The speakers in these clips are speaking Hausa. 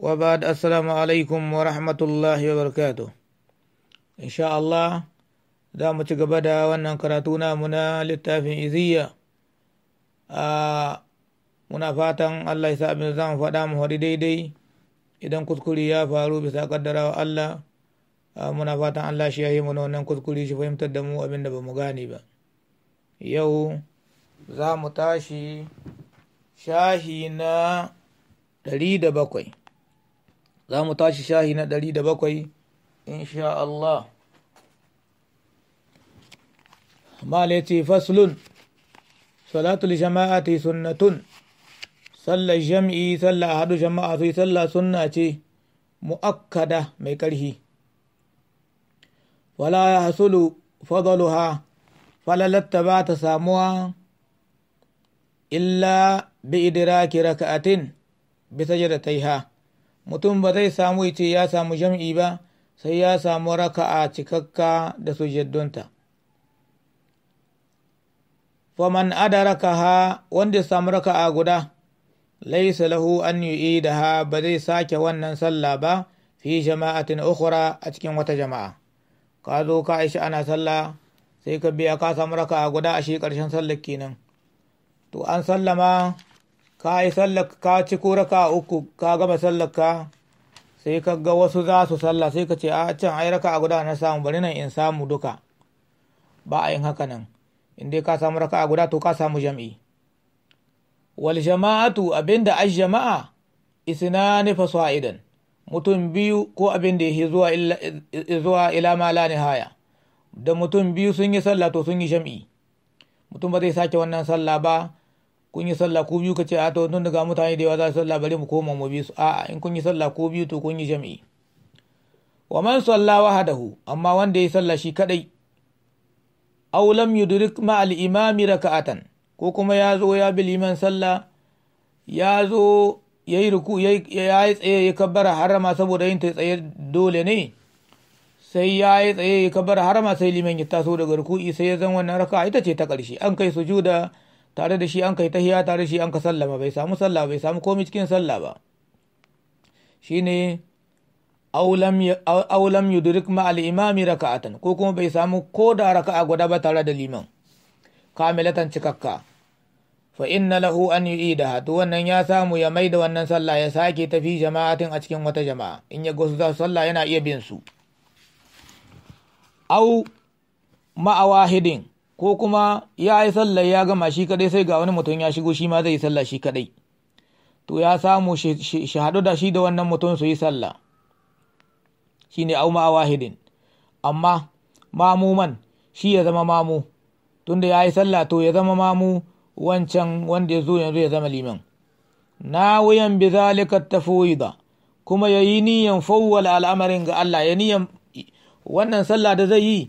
وبعد السلام alaikum ورحمة الله وبركاته إن شاء الله za mu ci gaba da wannan karatu namu na littafin iziya a muna fatan allah sa abin zan faɗa mu hori daidai idan kuskure ya faru bisa ƙaddarawa allah muna fatan allah shi ya yi mana wannan kuskure shi fahimtar da mu abin da ba mu gane ba yau za mu tashi shahi na ɗari da bakwai za mu tashi shahi na ɗari da bakwai insha Allah faslun salatul jama'ati sunnatun sallar jam'i sallar hadu jama'a sai sallah sunna ce mu'akkada mai ƙarfi wala ya hasulu fadaluha falalatta ba ta samuwa illa bi idraki raka'atin bisa jada ha. mutum ba zai samu ce ya samu jam'i ba sai ya samu raka'a cikakka da sujaddunta faman adaraka ha wanda samu raka'a guda laisa lahu an da ha ba zai sake wannan sallah ba fi jama'atin ukhra a cikin wata jama'a ka zo ka aisha ana sallah sai ka biya ka samu raka'a guda a shi ƙarshen sallar kenan to an sallama ka yi sallar ka ci ko raka uku ka gama sallar ka sai ka ga wasu za su sallah sai ka ce a can ai raka a guda na samu bari nan in samu duka ba a yin haka nan in dai ka samu raka a guda to ka samu jam'i wal jama'atu abinda aj jama'a fa sa'idan mutum biyu ko abin da yake zuwa zuwa ila ma la nihaya da mutum biyu sun yi sallah to sun yi jam'i mutum ba zai sake wannan sallah ba kun yi sallah ko biyu ka ce a to tun daga mutane da yawa za su sallah bari mu koma mu bi su a'a in kun yi sallah ko biyu to kun yi jami'i wa man salla wahadahu amma wanda ya sallah shi kadai aw lam yudrik ma al da raka'atan ko kuma ya zo ya bi liman sallah ya zo ya yi ruku ya tsaye ya kabbara harama saboda yin ta tsaye dole ne sai ya yi tsaye ya kabbara harama sai liman ya taso daga ruku'i sai ya zan wannan raka'a ita ce ta karshe an kai sujuda tare da shi an kai tahiya tare da shi an ka sallama bai samu sallah bai samu komai cikin sallah ba shine aulam yudrik al imami raka'atan ko kuma bai samu ko da raka'a guda ba tare da liman kamilatan cikakka fa inna lahu an yu'idaha to wannan ya samu ya maida wannan sallah ya sake tafi jama'atin a cikin wata jama'a in ya gosu za su sallah yana iya bin su au ma'awahidin ko kuma ya yi sallah ya gama shi kadai sai ga wani mutum ya shigo shi ma zai yi sallah shi kadai to ya samu shahadu da shi da wannan mutum su yi sallah shi ne auma wahidin amma mamuman shi ya zama mamu tunda ya yi sallah to ya zama mamu wancan wanda ya zo yanzu ya zama liman na wuyan bi zalika tafwida kuma yayi yi niyan fawwal al'amarin ga Allah ya niyan wannan sallah da zai yi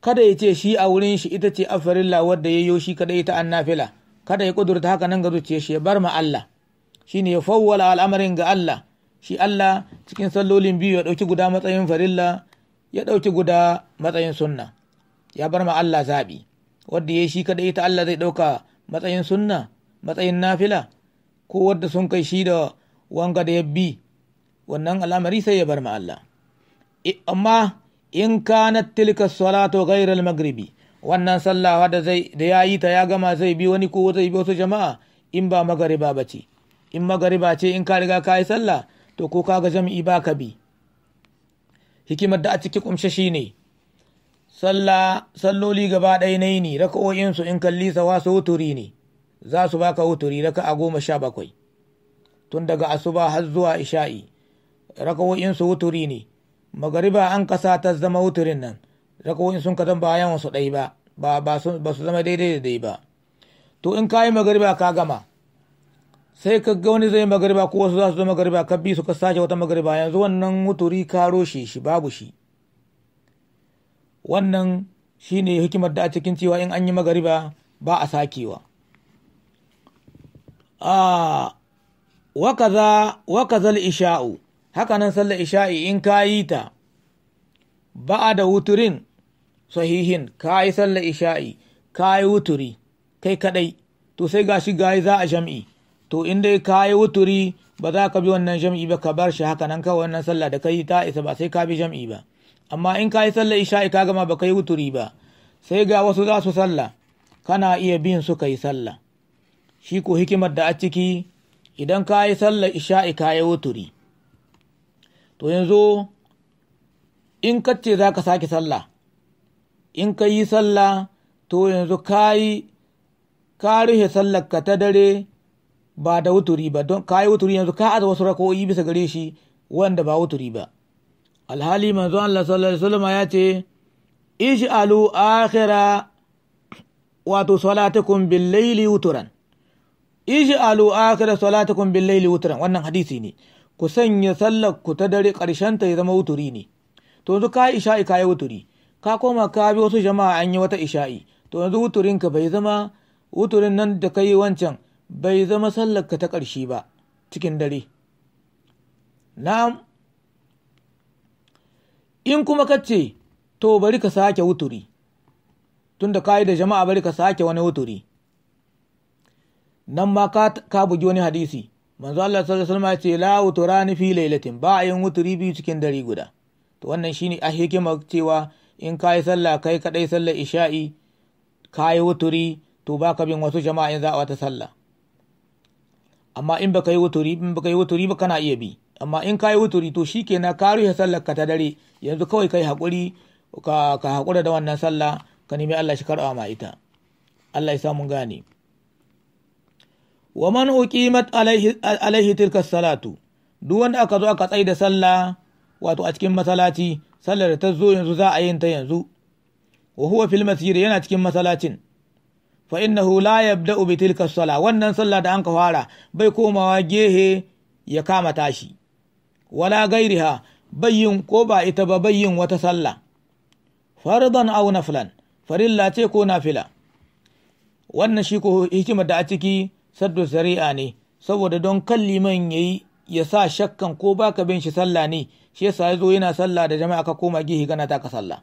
kada ya ce shi a wurin shi ita ce afarilla wadda ya yi shi kada ita an nafila kada ya kudurta haka nan ga zuciya shi ya bar ma Allah ne ya fawwala al'amarin ga Allah shi Allah cikin sallolin biyu ya ɗauki guda matsayin farilla ya ɗauki guda matsayin sunna ya bar ma Allah zaɓi wadda ya shi kada ita Allah zai ɗauka matsayin sunna matsayin nafila ko wadda sun kai shi da wanga da ya bi wannan al'amari sai ya bar ma Allah e, amma in kanat tilka salatu gairar maghribi wannan sallah da zai da yayi ta ya gama zai bi wani ko zai bi wasu jama'a in ba magariba ba ce in magariba ce in ka riga ka yi sallah to ko ka ga jami'i ba ka bi hikimar da a ciki kumshe shi ne sallah salloli gaba ɗaya na ne raka'o'insu in kalli sa su wuturi ne za su baka wuturi raka a goma sha bakwai tun daga asuba har zuwa isha'i raka'o'insu wuturi ne magariba an kasa ta zama wuturin nan wani sun kazan bayan wasu ɗai ba ba su zama daidai da dai ba to in ka yi magariba ka gama sai ka ga wani zai magariba ko wasu za su zo magariba ka bi su ka sace wata magariba yanzu wannan wuturi ka roshe shi babu shi wannan shine hikimar da a cikin cewa in an yi magariba ba a sakewa a ah, wakaza wakazal isha'u hakanan sallar isha'i in ka yi ta ba'a da wuturin sahihin ka yi sallar isha'i ka yi wuturi kai kadai to sai gashi gayi za a jam'i to in dai ka yi wuturi ba za ka bi wannan jam'i ba ka bar shi hakanan kawai wannan sallah da ka yi ta isa ba sai ka bi jam'i ba amma in ka yi sallar isha'i ka gama ba ka yi wuturi ba sai ga wasu za su sallah kana iya bin su ka yi sallah shi ko hikimar da a ciki idan ka yi sallar isha'i ka yi wuturi to yanzu in ka ce za ka sake sallah in ka yi sallah to yanzu ka yi ka rufe sallarka ta dare ba da wuturi ba don ka yi wuturi yanzu ka aza wasu rako'i bisa gare shi wanda ba wuturi ba alhali manzo Allah sallallahu alaihi wasallam ya ce alu akhira wato salatakum bil laili wuturan alu akhira salatakum bil laili wuturan wannan hadisi ne ku sanya sallar ku ta dare ƙarshen ta ya zama wuturi ne to yanzu ka isha'i ka yi wuturi ka koma ka bi wasu jama'a an yi wata isha'i to yanzu wuturin ka bai zama wuturin nan da ka yi wancan bai zama sallar ka ta ƙarshe ba cikin dare na'am in kuma ka ce to bari ka sake wuturi tunda ka yi da jama'a bari ka sake wani wuturi nan ma ka bugi wani hadisi manzo Allah sallallahu alaihi wasallam ya ce la wuturani fi lailatin ba a yin wuturi biyu cikin dare guda to wannan shine a hikima cewa in ka yi sallah kai kadai sallar isha'i ka yi wuturi to ba ka bin wasu jama'a in za a wata sallah amma in baka yi wuturi in baka yi wuturi ba kana iya bi amma in ka yi wuturi to shikenan ka rufe sallar ka ta dare yanzu kawai kai hakuri ka ka hakura da wannan sallah ka nemi Allah shi karba ma ita Allah ya sa mun gane wa man uqimat alaihi tilka salatu duk wanda aka zo aka tsai da sallah wato a cikin masallaci sallar da ta zo yanzu za a yin ta yanzu wa huwa fil masjid yana cikin masallacin fa innahu la yabda'u bi tilka sala wannan sallah da an ka fara bai komawa gehe ya kama tashi wala gairiha bayyin ko ba ita ba bayyin wata sallah fardan aw naflan farilla ce ko nafila wannan shi ko hikimar da a ciki saddu zari'a ne saboda don kan liman yi ya sa shakkan ko baka bin shi sallah ne shi yasa ya zo yana sallah da jama'a ka koma gihi kana taka sallah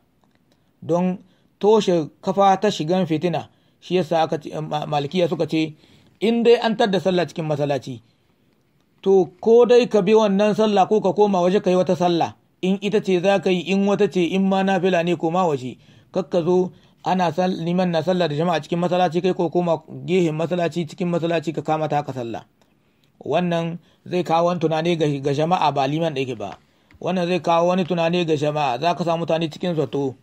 don toshe kafa ta shigan fitina shi yasa aka malikiya suka ce in dai an da sallah cikin masallaci to ko dai ka bi wannan sallah ko ka koma waje ka yi wata sallah in ita ce za ka yi in wata ce in ma nafila ne koma waje kakka zo ana liman na sallah da jama'a cikin masallaci kai ko koma gehen masallaci cikin masallaci ka kama ta ka sallah wannan zai kawo wani tunani ga jama'a ba liman da yake ba wannan zai kawo wani tunani ga jama'a za ka samu mutane cikin zato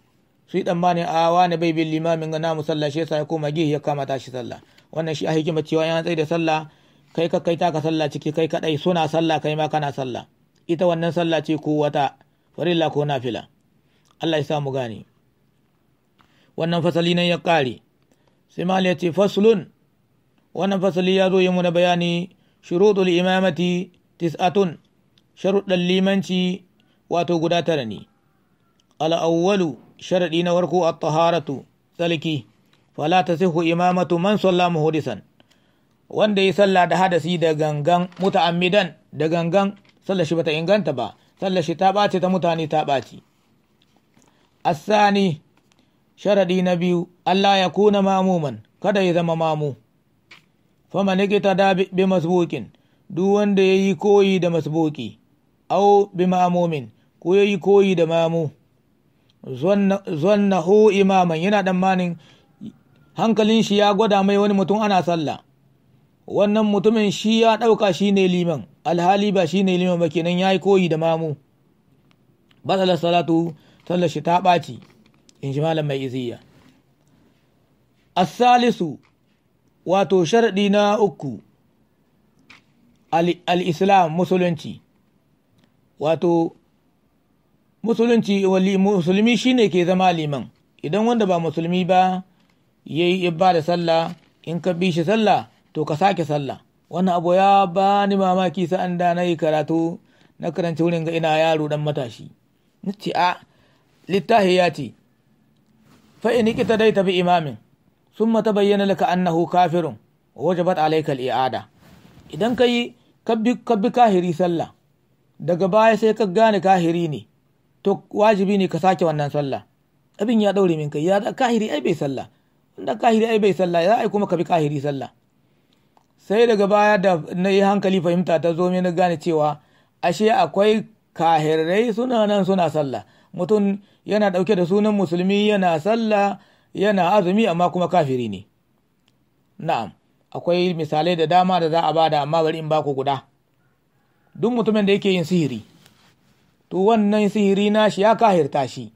su yi tsammani a wani bai bin limamin ga namu sallah shi yasa ya koma gehe ya kama ta shi sallah wannan shi a hikima cewa yan tsaye da sallah kai ka kai taka sallah ciki kai kadai suna sallah kai ma kana sallah ita wannan sallah ce ko wata farilla ko nafila Allah ya sa mu gane wannan fasali nan ya ƙare sai ya ce faslun wannan fasali ya zo yi muna bayani shuruɗul imamati tis'atun sharuɗan limanci wato guda tara ne al'awwalu sharaɗi na warko a taharatu tsalki fala ta sihu imamatu man salla muhudisan wanda ya salla da hadasi da gangan muta'ammidan da gangan sallar shi bata inganta ba sallar shi ta ɓace ta mutane ta ɓaci asani Sharaɗi na biyu Allah ya kuna mamuman kada ya zama mamu fama nikita da bi masbukin duk wanda ya yi koyi da masbuki au bi mamumin ko ya yi koyi da mamu zonna ho imaman yana manin hankalin shi ya gwada mai wani mutum ana sallah wannan mutumin shi ya ɗauka shi ne liman alhali ba shi ne liman ba kenan ya yi koyi da mamu ba salatu sallar shi ta ɓaci injimala ji malam mai iziya asalisu wato sharaɗi na uku al-islam musulunci wato musulunci musulmi shine ke zama liman idan wanda ba musulmi ba ya yi ba da sallah in ka bi shi sallah to ka sake sallah wannan abu ya ba ni mamaki sa'an da na yi karatu na karanci wurin ga ina yaro dan matashi nace a littahi ya ce fa in dai bi imamin mata bayyana laka annahu kafirun wajabat alayka al-i'ada idan yi ka bi kahiri sallah daga baya sai ka gane kahiri ne to wajibi ne ka sake wannan sallah abin ya ɗaure min kai ya kahiri ai bai sallah wanda kahiri ai bai sallah ya ai kuma ka bi kahiri sallah sai daga baya da na yi hankali fahimta ta zo na gane cewa ashe akwai kahirai suna nan suna sallah mutum yana ɗauke da sunan musulmi yana sallah yana azumi amma kuma kafiri ne na'am akwai misalai da dama da za a bada amma bari in baku guda duk mutumin da yake yin sihiri to wannan sihiri na nashi ya kahirta shi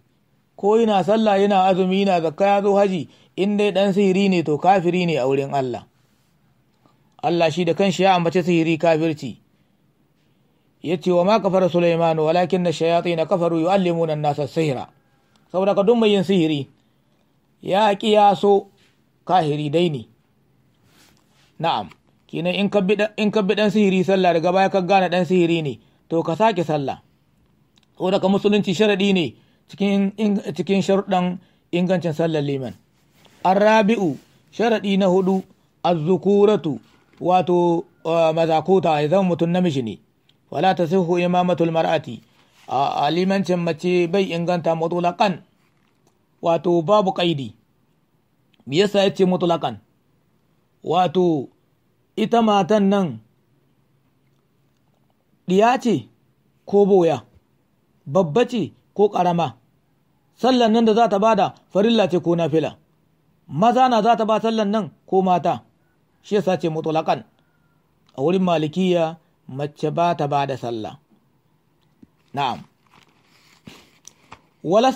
ko yana sallah yana azumi yana zakka ya zo haji in dai dan sihiri ne to kafiri ne a wurin Allah Allah shi da kanshi ya ambace sihiri kafirci yace wa ma kafara Sulaiman walakin ash-shayatin kafaru yu'allimuna an-nasa sihra saboda ka duk yin sihiri ya kiyaso kahiri dai ne na'am kinan in ka in ka bi sihiri sallah daga baya ka gane dan sihiri ne to ka sake sallah saboda ka musulunci sharadi ne cikin cikin sharuɗan ingancin sallar liman arrabi'u sharadi na hudu azzukuratu wato mazakuta ya zama mutum namiji ne wala ta sihu imamatul mar'ati a limancin mace bai inganta mutulakan wato babu kaidi me yasa yace mutulakan wato ita matan nan ɗiya ce ko boya babba ce ko ƙarama sallan nan da za ta bada farilla ce ko nafila maza na za ta ba sallan nan ko mata shi yasa ce mutulakan a wurin malikiya mace ba ta ba da sallah na'am wala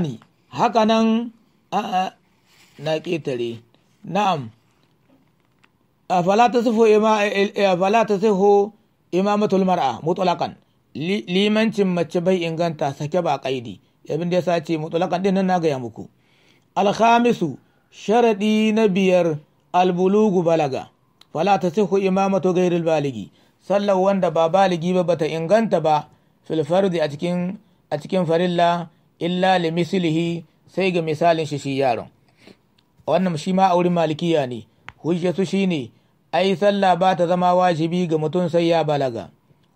ne, haka nan a'a na ƙetare na'am a fala ta sifo imamatul mar'a mutulakan limancin mace bai inganta sake ba ƙaidi abin da ya sace mutulakan din nan na gaya muku alhamisu Sharaɗi na biyar albulugu balaga fala ta imamatu gairil baligi sallar wanda ba baligi ba bata inganta ba fil fardi a cikin a cikin farilla illa li mislihi sai ga misalin shi shi yaron wannan shi ma a wurin malikiya ne hujjatu shine ai sallah ba ta zama wajibi ga mutum sai ya balaga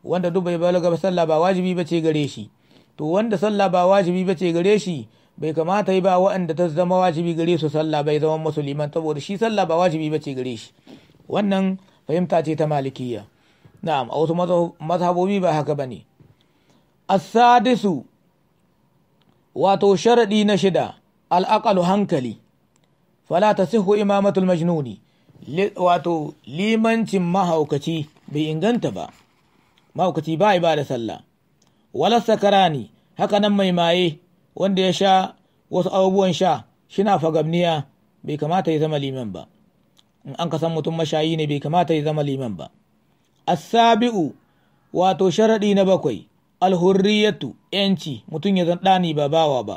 wanda duk bai balaga ba sallah ba wajibi ba ce gare shi to wanda sallah ba wajibi ba ce gare shi bai kamata yi ba waɗanda ta zama wajibi gare su sallah bai zama musulman saboda shi sallah ba wajibi ba ce gare shi wannan fahimta ce ta malikiya na'am a wasu mazhabobi ba haka bane asadisu wato sharadi na shida al'aqalu hankali fala tasihu imamatul majnuni wato limancin mahaukaci bai inganta ba mahaukaci ba ba da sallah wala sakarani haka nan mai maye wanda ya sha wasu abubuwan sha shina fagamniya bai kamata ya zama liman ba in an ka san mutum mashayi ne bai kamata ya zama liman ba asabi'u wato sharaɗi na bakwai alhurriyatu yanci mutum ya zan ɗani ba bawa ba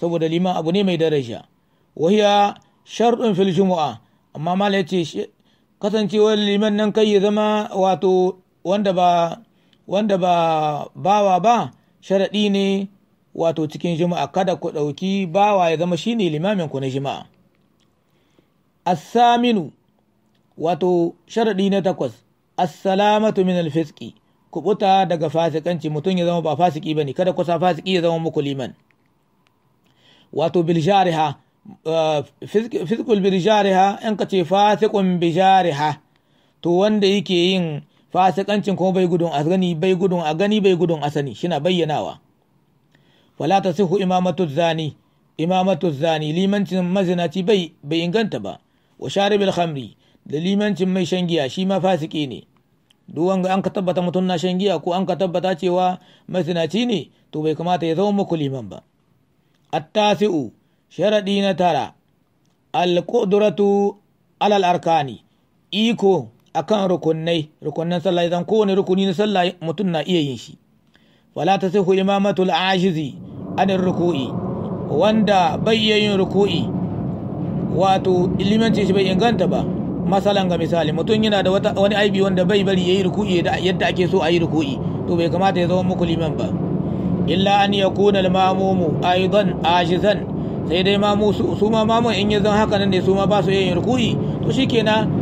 saboda liman abu ne mai daraja wahiya sharɗin fil jumu'a amma mala yace kasancewar liman nan kai ya zama wato wanda ba wanda ba bawa ba sharaɗi ne wato cikin jumu’a, kada ku ɗauki bawa ya zama shine limamin ku na jumu’a. asaminu wato sharaɗi na takwas assalamatu min fiski kubuta daga fasikanci mutum ya zama ba fasiki ne kada kusa fasiki ya zama muku liman wato bil jariha eh, fiskul bil in ka ce fasikun bi to wanda yake yin fasikancin kuma bai gudun a gani bai gudun a gani bai gudun a sani shina bayyanawa falata sihu imamatu zani limancin mazinaci bai bai inganta ba wa sharibil khamri da limancin mai shan giya shi ma fasiki ne duk wanga an ka tabbata mutum na shan giya ko an ka tabbata cewa masinaci ne to bai kamata ya zama muku liman ba attasi'u sharaɗi na tara alƙudratu alal arkani iko akan rukunnai rukunnan sallah idan kowane rukuni na sallah mutum na iya yin shi wala ta sihu imamatu ashizi anin ruku'i wanda bai iya yin ruku'i wato ilimanci shi bai inganta ba masalan ga misali mutum yana da wani aibi wanda bai bari yayi ruku'i yadda ake so a yi ruku'i to bai kamata ya zama muku liman ba illa an yakuna al-mamumu aidan ajizan sai dai mamu su ma mamun in ya zan haka nan ne su ma ba su yin ruku'i to shikenan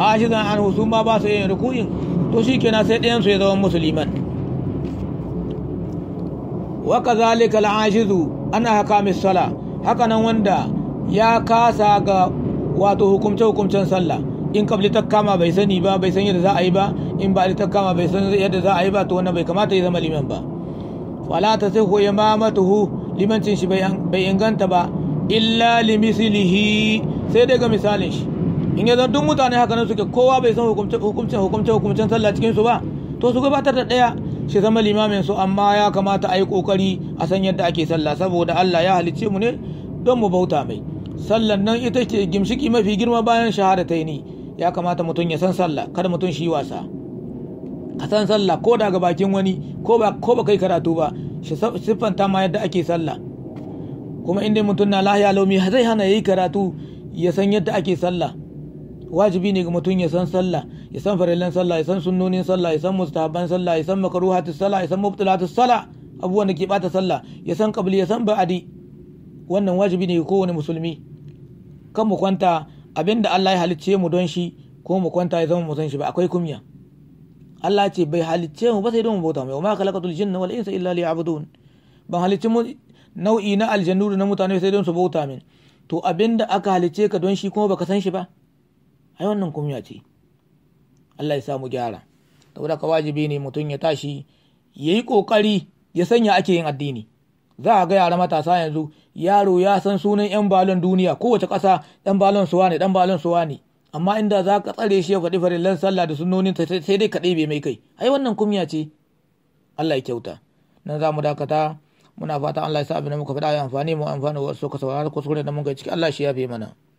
ajizan an su ma ba su yin ruku'in to shikenan sai ɗayan su ya zama musulman wa kazalika al-ajizu ana haka misala haka nan wanda ya kasa ga wato hukumce hukumcen sallah in kabli ta kama bai sani ba bai san yadda za a yi ba in ba ta kama bai san yadda za a yi ba to wannan bai kamata ya zama liman ba wala ta sai ko imamatuhu limancin shi bai inganta ba illa limislihi sai daga misalin shi in ya duk mutane haka nan suke kowa bai san hukumce-hukumce hukumcen sallah cikin su ba to su gabatar da daya shi zama limamin su amma ya kamata a yi kokari a san yadda ake sallah saboda Allah ya halicce mu ne don mu bauta mai sallan nan ita ce gimshiki mafi girma bayan ni ya kamata mutum ya san sallah kada mutum shi wasa ka san sallah ko daga bakin wani ko ba ko ba kai karatu ba shi siffanta ma yadda ake sallah kuma inda mutum na lahiya laumi zai hana yayi karatu ya san yadda ake sallah wajibi ne ga mutum ya san sallah ya san farillan sallah ya san sunnonin sallah ya san mustahabban sallah ya san makaruhatus sallah ya san mubtilatus sallah abubuwan da ke bata sallah ya san qabli ya san ba'adi wannan wajibi ne ga kowane musulmi kan mu kwanta abin da Allah ya halicce mu don shi ko mu kwanta ya zama mu san shi ba akwai kunya. Allah ce bai halicce mu ba sai don mu bauta mai wa khalaqatul jinna wal insa illa liya'budun ban halicce mu nau'i na aljannu na mutane sai don su bauta min to abin da aka halicce ka don shi kuma baka san shi ba ai wannan ce Allah ya samu gyara saboda ka wajibi ne mutum ya tashi yayi kokari ya sanya ake yin addini za a ga yara matasa yanzu yaro ya san sunan yan balon duniya kowace ƙasa dan balon suwa ne dan balon suwa ne amma inda za ka tsare shi ya faɗi farillan sallah da sunnonin sai dai kaɗai bai mai kai ai wannan kumya ce Allah ya kyauta nan za mu dakata muna fata Allah ya sa abin da muka faɗa ya amfani mu amfani wasu ka saurara sunan da mun ga ciki Allah shi ya fi mana